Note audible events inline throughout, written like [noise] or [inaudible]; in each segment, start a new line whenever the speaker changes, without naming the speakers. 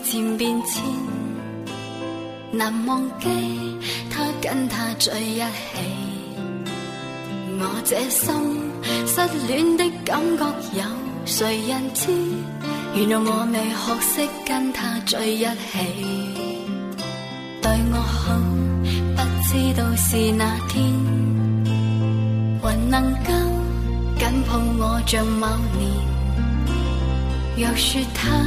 漸變遷，難忘記他跟她在一起。我這心失戀的感覺有誰人知？原諒我未學識跟他在一起，對我好不知道是哪天，還能夠緊抱我像某年。若說他。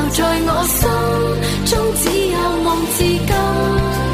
留在我心中，只有夢至今。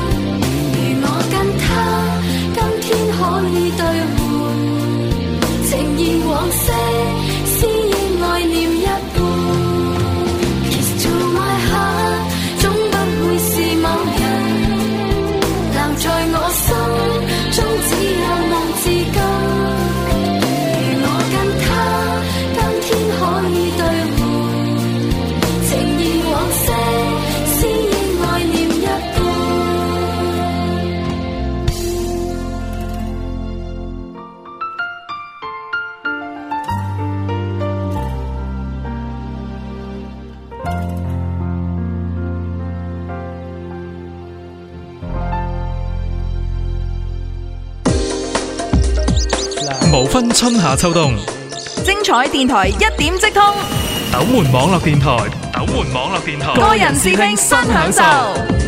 分春夏秋冬，
精彩電台，一點即通。
斗門網絡電台，斗門網絡電台，個人
視聽新享受。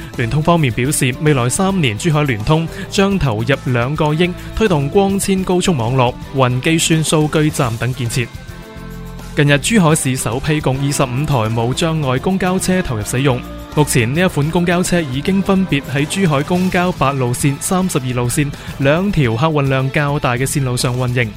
聯通方面表示，未來三年珠海聯通將投入兩個億推動光纖高速網絡、雲計算、數據站等建設。近日，珠海市首批共二十五台無障礙公交車投入使用。目前呢一款公交車已經分別喺珠海公交八路線、三十二路線兩條客運量較大嘅線路上運營。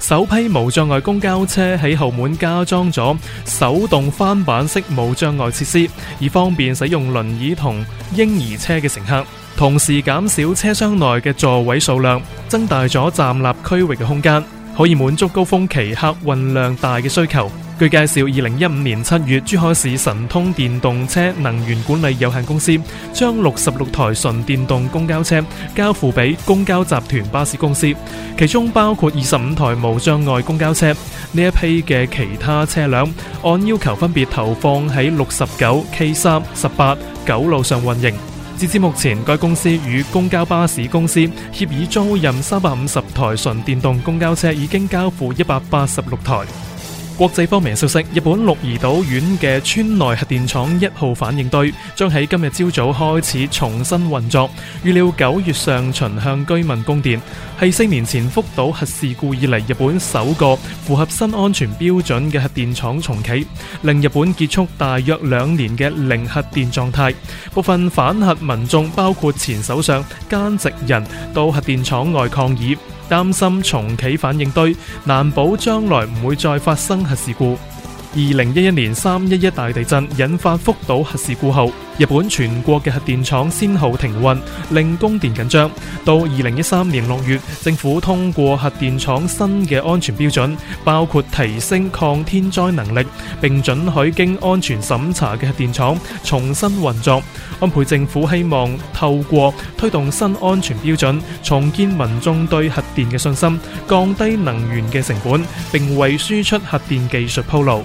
首批無障礙公交車喺後門加裝咗手動翻板式無障礙設施，以方便使用輪椅同嬰兒車嘅乘客，同時減少車廂內嘅座位數量，增大咗站立區域嘅空間，可以滿足高峰期客運量大嘅需求。據介紹，二零一五年七月，珠海市神通電動車能源管理有限公司將六十六台純電動公交車交付俾公交集團巴士公司，其中包括二十五台無障礙公交車。呢一批嘅其他車輛，按要求分別投放喺六十九、K 三、十八、九路上運營。截至目前，該公司與公交巴士公司協議租賃三百五十台純電動公交車，已經交付一百八十六台。國際方面消息，日本鹿兒島縣嘅川內核電廠一號反應堆將喺今日朝早開始重新運作，預料九月上旬向居民供電。係四年前福島核事故以嚟日本首個符合新安全標準嘅核電廠重啟，令日本結束大約兩年嘅零核電狀態。部分反核民眾包括前首相菅直人到核電廠外抗議。擔心重啟反應堆，難保將來唔會再發生核事故。二零一一年三一一大地震引發福島核事故後，日本全國嘅核電廠先後停運，令供電緊張。到二零一三年六月，政府通過核電廠新嘅安全標準，包括提升抗天災能力，並准許經安全審查嘅核電廠重新運作。安倍政府希望透過推動新安全標準，重建民眾對核電嘅信心，降低能源嘅成本，並為輸出核電技術鋪路。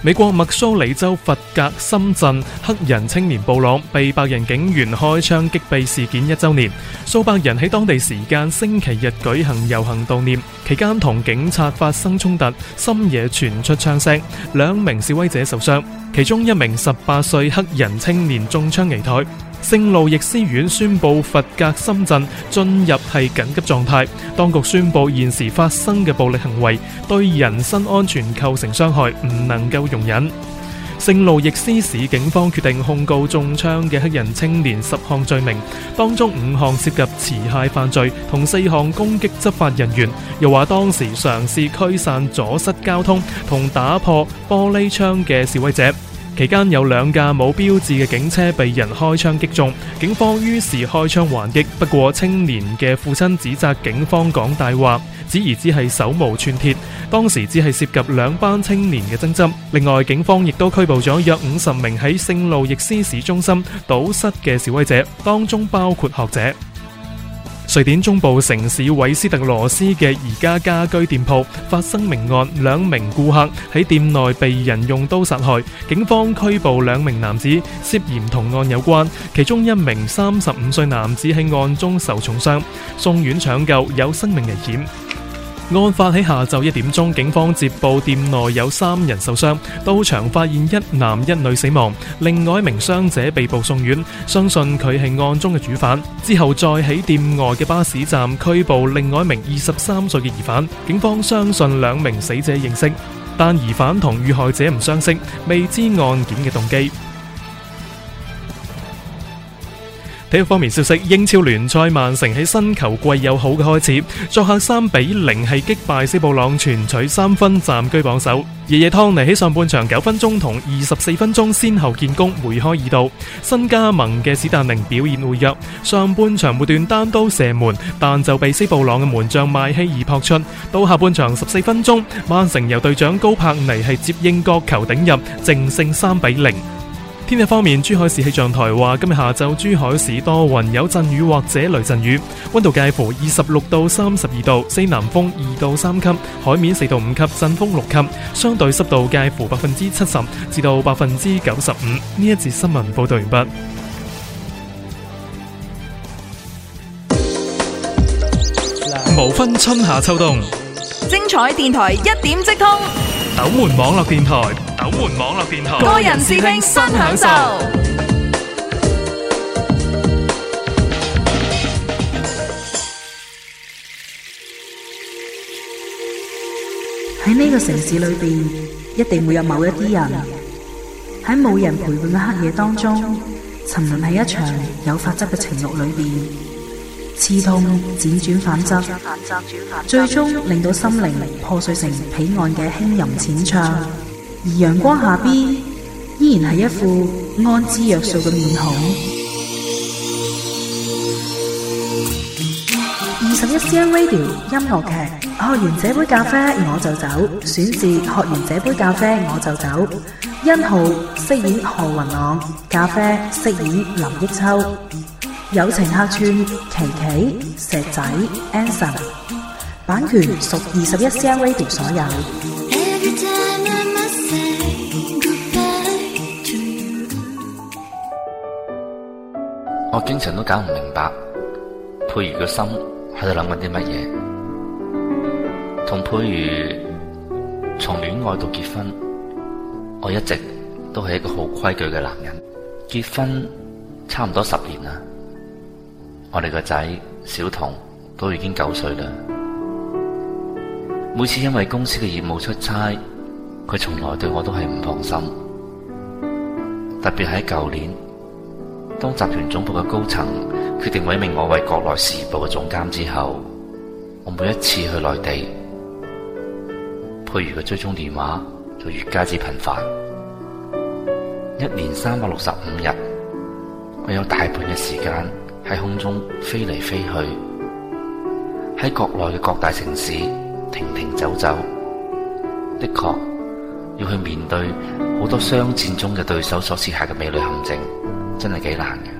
美國密蘇里州弗格森鎮黑人青年布朗被白人警員開槍擊斃事件一周年，數百人喺當地時間星期日舉行遊行悼念，期間同警察發生衝突，深夜傳出槍聲，兩名示威者受傷，其中一名十八歲黑人青年中槍危殆。聖路易斯縣宣布佛格森鎮進入係緊急狀態，當局宣布現時發生嘅暴力行為對人身安全構成傷害，唔能夠容忍。聖路易斯市警方決定控告中槍嘅黑人青年十項罪名，當中五項涉及持械犯罪，同四項攻擊執法人員。又話當時嘗試驅散阻塞交通同打破玻璃窗嘅示威者。期間有兩架冇標誌嘅警車被人開槍擊中，警方於是開槍還擊。不過青年嘅父親指責警方講大話，只而只係手無寸鐵。當時只係涉及兩班青年嘅爭執。另外警方亦都拘捕咗約五十名喺聖路易斯市中心堵塞嘅示威者，當中包括學者。瑞典中部城市韋斯特羅斯嘅宜家家居店鋪發生命案，兩名顧客喺店內被人用刀殺害，警方拘捕兩名男子涉嫌同案有關，其中一名三十五歲男子喺案中受重傷，送院搶救有生命危險。案發喺下晝一點鐘，警方接報店內有三人受傷，到場發現一男一女死亡，另外一名傷者被捕送院，相信佢係案中嘅主犯。之後再喺店外嘅巴士站拘捕另外一名二十三歲嘅疑犯，警方相信兩名死者認識，但疑犯同遇害者唔相識，未知案件嘅動機。體育方面消息，英超聯賽曼城喺新球季有好嘅開始，作客三比零係擊敗斯布朗，全取三分，暫居榜首。耶耶湯尼喺上半場九分鐘同二十四分鐘先後建功，梅開二度。新加盟嘅史丹寧表現活躍，上半場末段單刀射門，但就被斯布朗嘅門將邁希爾撲出。到下半場十四分鐘，曼城由隊長高柏尼係接應角球頂入，淨勝三比零。天氣方面，珠海市氣象台話今日下晝珠海市多雲，有陣雨或者雷陣雨，温度介乎二十六到三十二度，西南風二到三級，海面四到五級，陣風六級，相對濕度介乎百分之七十至到百分之九十五。呢一節新聞報道完畢，無分春夏秋冬，
精彩電台一點即通。
斗門網絡電台，斗門網絡電台，個人
視聽新享受。喺呢個城市裏邊，一定會有某一啲人喺冇人陪伴嘅黑夜當中，沉淪喺一場有法則嘅情欲裏邊。刺痛輾轉反側，最終令到心靈破碎成彼岸嘅輕吟淺唱。而陽光下邊依然係一副安之若素嘅面孔。二十一 C N Radio 音樂劇《喝完這杯咖啡我就走》選自《喝完這杯咖啡我就走》浩，欣浩飾演何雲朗，咖啡飾演林憶秋。友情客串：琪琪、石仔、Anson 生。版權屬二十一 CM Lady 所有。嗯，
我經常都搞唔明白佩儀嘅心喺度諗緊啲乜嘢。同佩儀從戀愛到結婚，我一直都係一個好規矩嘅男人。結婚差唔多十年啦。我哋個仔小童都已經九歲啦。每次因為公司嘅業務出差，佢從來對我都係唔放心。特別喺舊年，當集團總部嘅高層決定委命我為國內事業部嘅總監之後，我每一次去內地，佩如嘅追蹤電話就越加之頻繁。一年三百六十五日，我有大半嘅時間。喺空中飛嚟飛去，喺國內嘅各大城市停停走走，的確要去面對好多相戰中嘅對手所設下嘅美女陷阱，真係幾難嘅。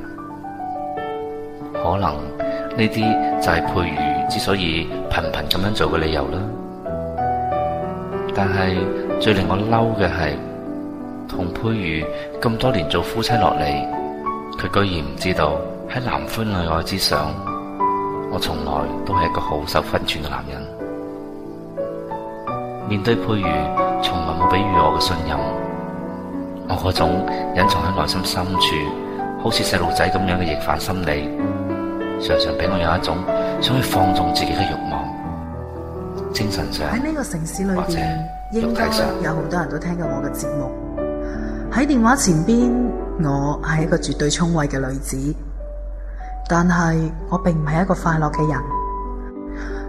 可能呢啲就係佩瑜之所以頻頻咁樣做嘅理由啦。但係最令我嬲嘅係，同佩瑜咁多年做夫妻落嚟，佢居然唔知道。喺男歡女愛之上，我從來都係一個好受分寸嘅男人。面對佩瑜，從來冇俾予我嘅信任。我嗰種隱藏喺內心深處，好似細路仔咁樣嘅逆反心理，常常俾我有一種想去放縱自己嘅慾望。精神上，喺呢
個城市裡或者肉體上，應該有好多人都聽過我嘅節目。喺電話前邊，我係一個絕對聰慧嘅女子。但係我並唔係一個快樂嘅人，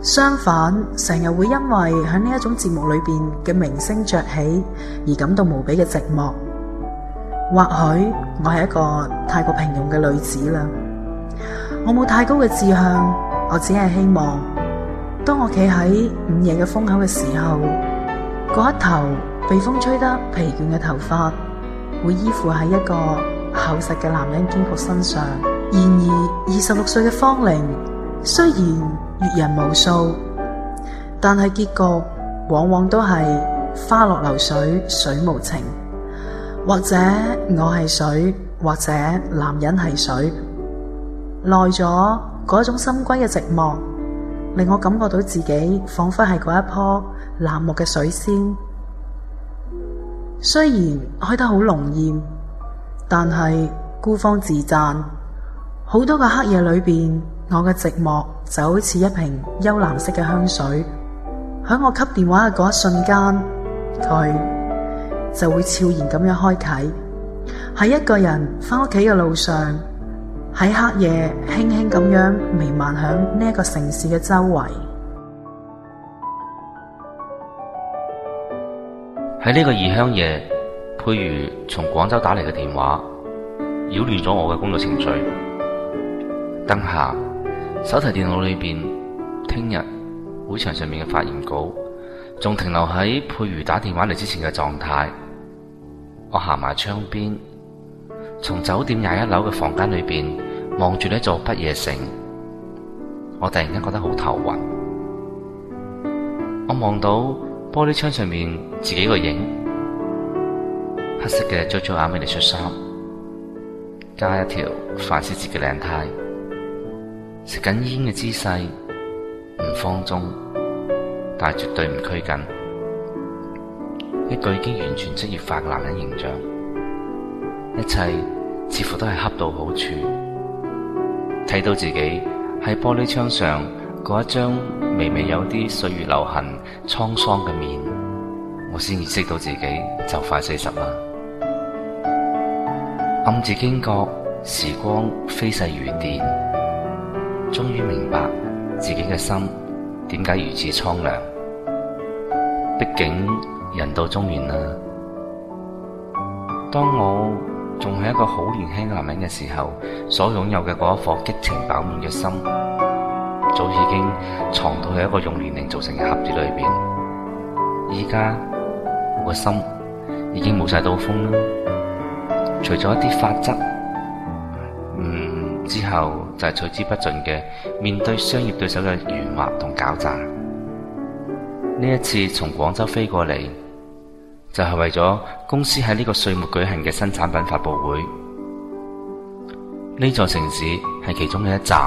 相反成日會因為喺呢一種節目裏邊嘅明星着起而感到無比嘅寂寞。或許我係一個太過平庸嘅女子啦，我冇太高嘅志向，我只係希望當我企喺午夜嘅風口嘅時候，嗰一頭被風吹得疲倦嘅頭髮會依附喺一個厚實嘅男人肩膊身上。然而，二十六歲嘅芳齡，雖然閱人無數，但係結局往往都係花落流水，水無情。或者我係水，或者男人係水，耐咗嗰種深閨嘅寂寞，令我感覺到自己仿佛係嗰一棵冷漠嘅水仙。雖然開得好濃艷，但係孤芳自讚。好多個黑夜裏邊，我嘅寂寞就好似一瓶幽藍色嘅香水，喺我接電話嘅嗰一瞬間，佢就會悄然咁樣開啟。喺一個人翻屋企嘅路上，喺黑夜輕輕咁樣彌漫響呢一個城市嘅周圍。
喺呢個異鄉夜，譬如從廣州打嚟嘅電話，擾亂咗我嘅工作情緒。燈下，手提電腦裏邊，聽日會場上面嘅發言稿，仲停留喺佩如打電話嚟之前嘅狀態。我行埋窗邊，從酒店廿一樓嘅房間裏邊望住呢座不夜城。我突然間覺得好頭暈。我望到玻璃窗上面自己個影，黑色嘅粗粗眼面嘅恤衫，加一條凡士節嘅領呔。食緊煙嘅姿勢唔放鬆，但係絕對唔拘謹，一個已經完全職業化嘅男人形象，一切似乎都係恰到好處。睇到自己喺玻璃窗上嗰一張微微有啲歲月留痕、滄桑嘅面，我先意識到自己就快四十啦。暗自驚覺時光飛逝如電。終於明白自己嘅心點解如此蒼涼。畢竟人到中年啦。當我仲係一個好年輕嘅男人嘅時候，所擁有嘅嗰一顆激情飽滿嘅心，早已經藏到喺一個用年齡做成嘅盒子裏邊。依家我嘅心已經冇晒刀鋒啦，除咗一啲法則。之後就係取之不盡嘅、面對商業對手嘅圓滑同狡詐。呢一次從廣州飛過嚟，就係、是、為咗公司喺呢個歲末舉行嘅新產品發布會。呢座城市係其中嘅一站。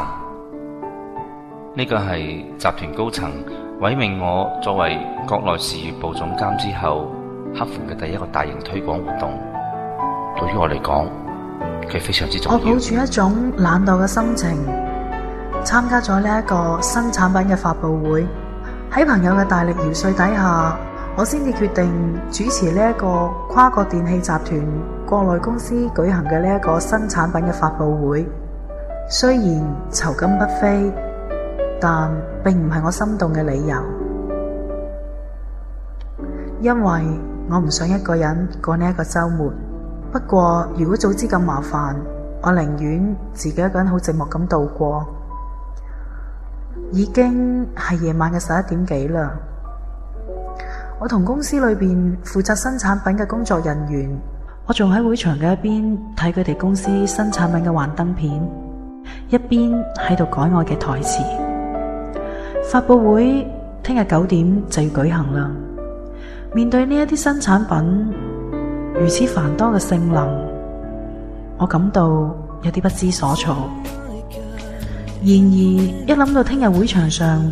呢、這個係集團高層委命我作為國內事業部總監之後，克服嘅第一個大型推廣活動。對於我嚟講，非常我抱
住一種懶惰嘅心情，參加咗呢一個新產品嘅發佈會。喺朋友嘅大力遊說底下，我先至決定主持呢一個跨國電器集團國內公司舉行嘅呢一個新產品嘅發佈會。雖然酬金不菲，但並唔係我心動嘅理由，因為我唔想一個人過呢一個周末。不過，如果早知咁麻煩，我寧願自己一個人好寂寞咁度過。已經係夜晚嘅十一點幾啦。我同公司裏邊負責新產品嘅工作人員，我仲喺會場嘅一邊睇佢哋公司新產品嘅幻燈片，一邊喺度改我嘅台詞。發佈會聽日九點就要舉行啦。面對呢一啲新產品。如此繁多嘅性能，我感到有啲不知所措。然而，一諗到聽日會場上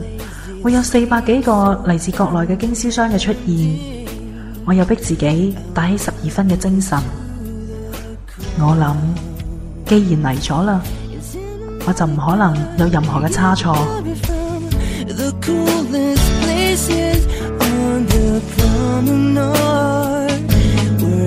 會有四百幾個嚟自國內嘅經銷商嘅出現，我又逼自己打起十二分嘅精神。我諗，既然嚟咗啦，我就唔可能有任何嘅差錯。 [music]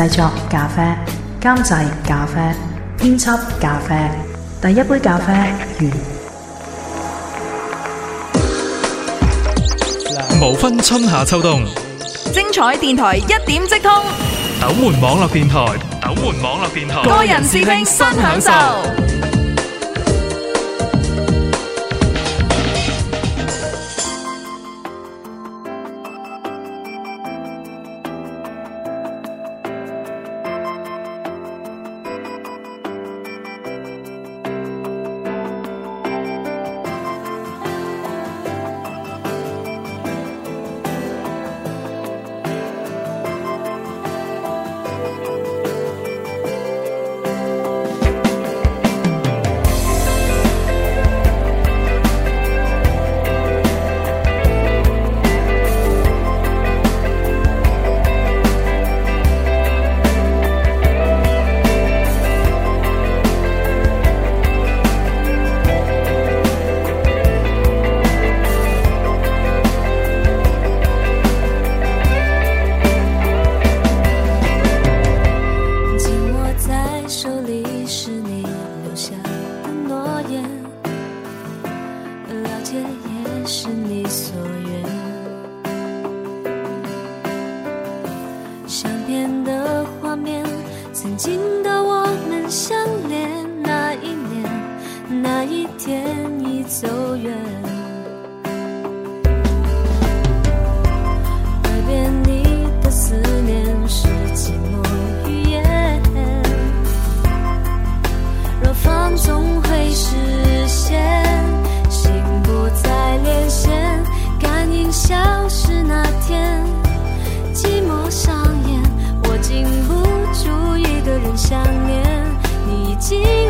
製作咖啡，監製咖啡，編輯咖啡，第一杯咖啡完。
無分春夏秋冬，
精彩電台一點即通。
斗門網絡電台，斗門網絡電台，個人
視聽新享受。
走遠耳邊，你的思念是寂寞語言，若放縱會實現，心不再連線，感應消失那天，寂寞上演，我禁不住一個人想念，你已經。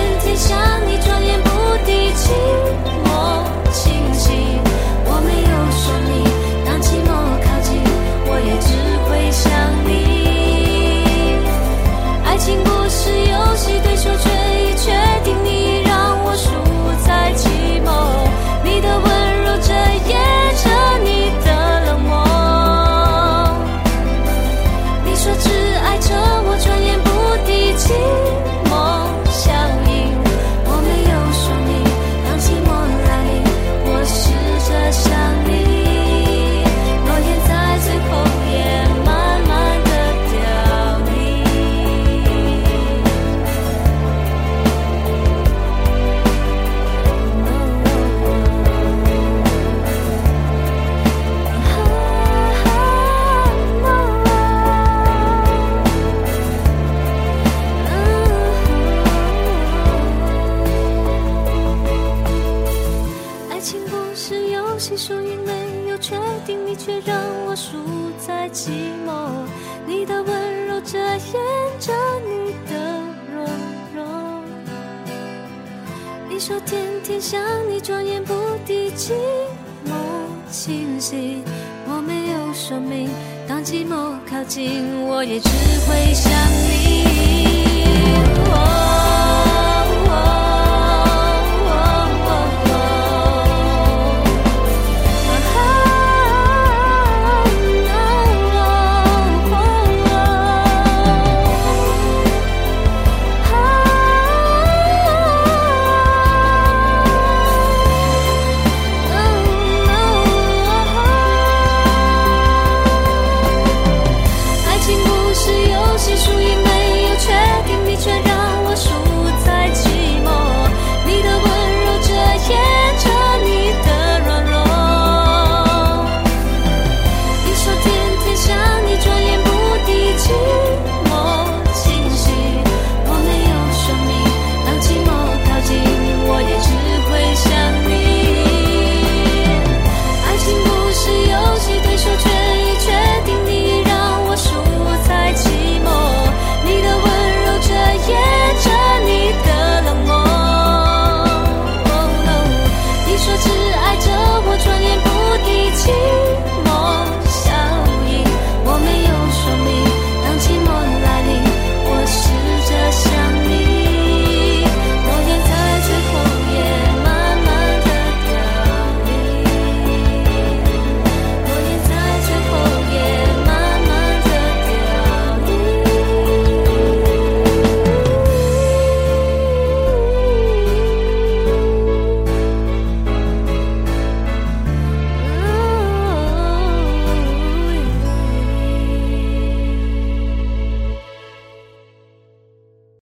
寂寞靠近，我也只會想你。